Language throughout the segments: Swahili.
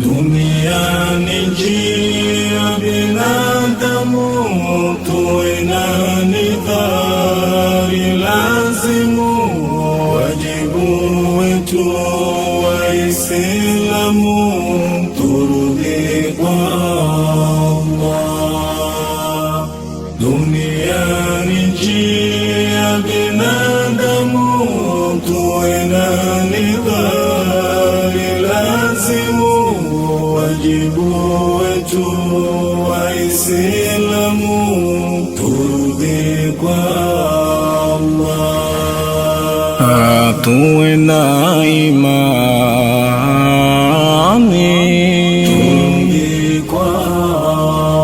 Dunia ni njia, binadamu tuwe na nidhari, lazimu wajibu wetu Waislamu turudi kwa Allah. Dunia ni karibu wetu Waislamu, turudi kwa Allah, tuwe na imani, turudi kwa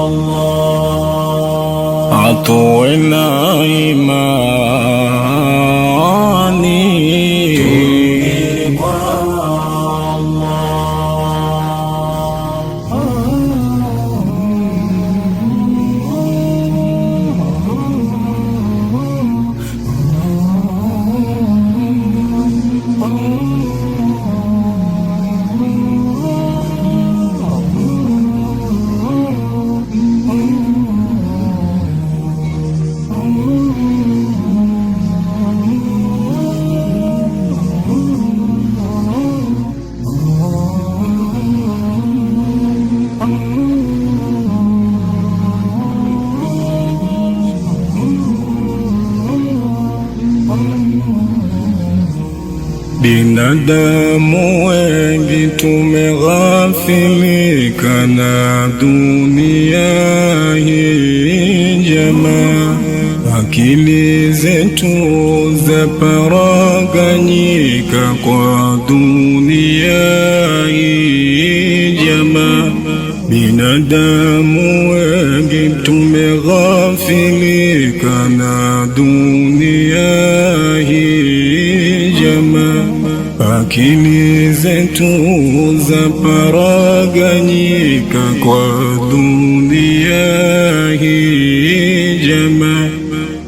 Allah, tuwe na imani Binadamu wengi tumeghafilika na dunia hii njema, akili zetu zaparaganyika kwa dunia akili zetu za paraganyika kwa dunia hii jema,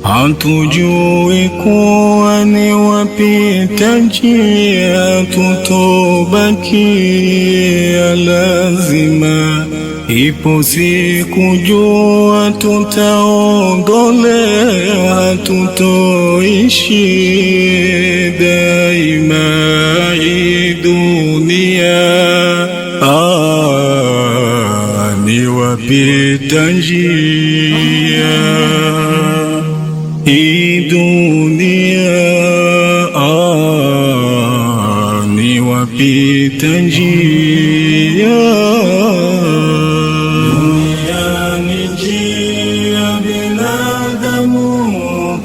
hatujui kuwa ni wapita njia, tutobakia lazima Ipo sikujua tutaongolewa, tutoishi daima hii dunia. Ah, ni wapita njia hii dunia. Ah, ni wapita njia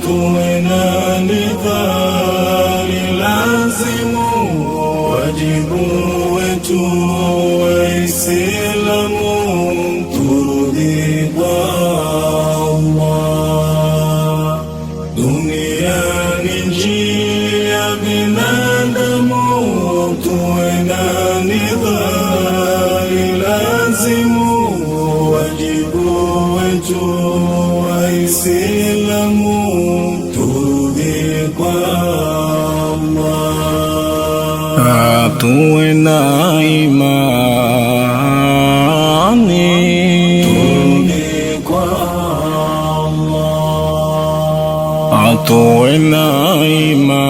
doing now? तू नाई माने तू नाई मा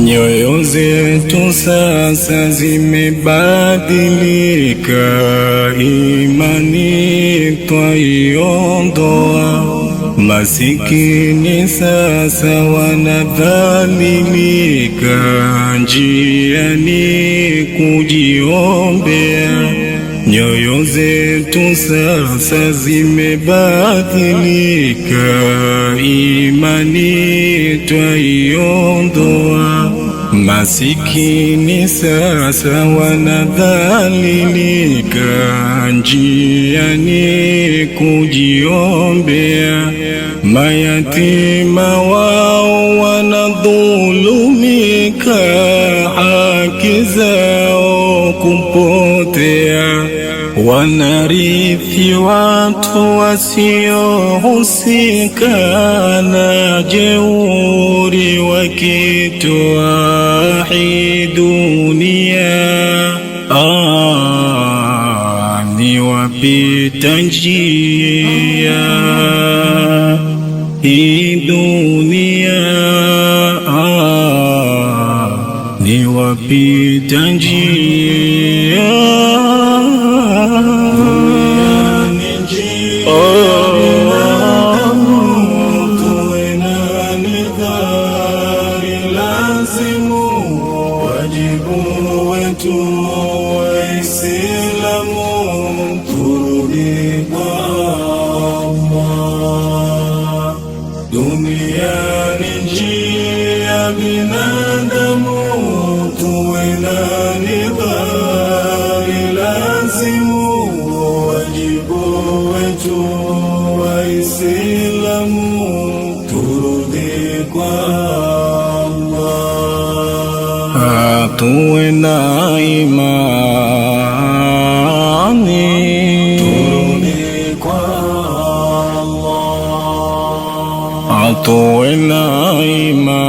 Nyoyo zetu sasa zimebadilika, imani twaiondoa. Masikini sasa wanadhalilika, njia ni kujiombea Nyoyo zetu sasa zimebadilika, imani twaiondoa. Masikini sasa wanadhalilika, njia ni kujiombea. Mayatima wao wanadhulumika, haki zao kupotea wanarithi watu wasiohusika na jeuri, wakitwahi dunia ah, ni wapita njia hii Kapita njia tuwe oh. lazimu wajibu wetu Waislamu, turudi Dunia ni njia तू नाई माने तू नाई मा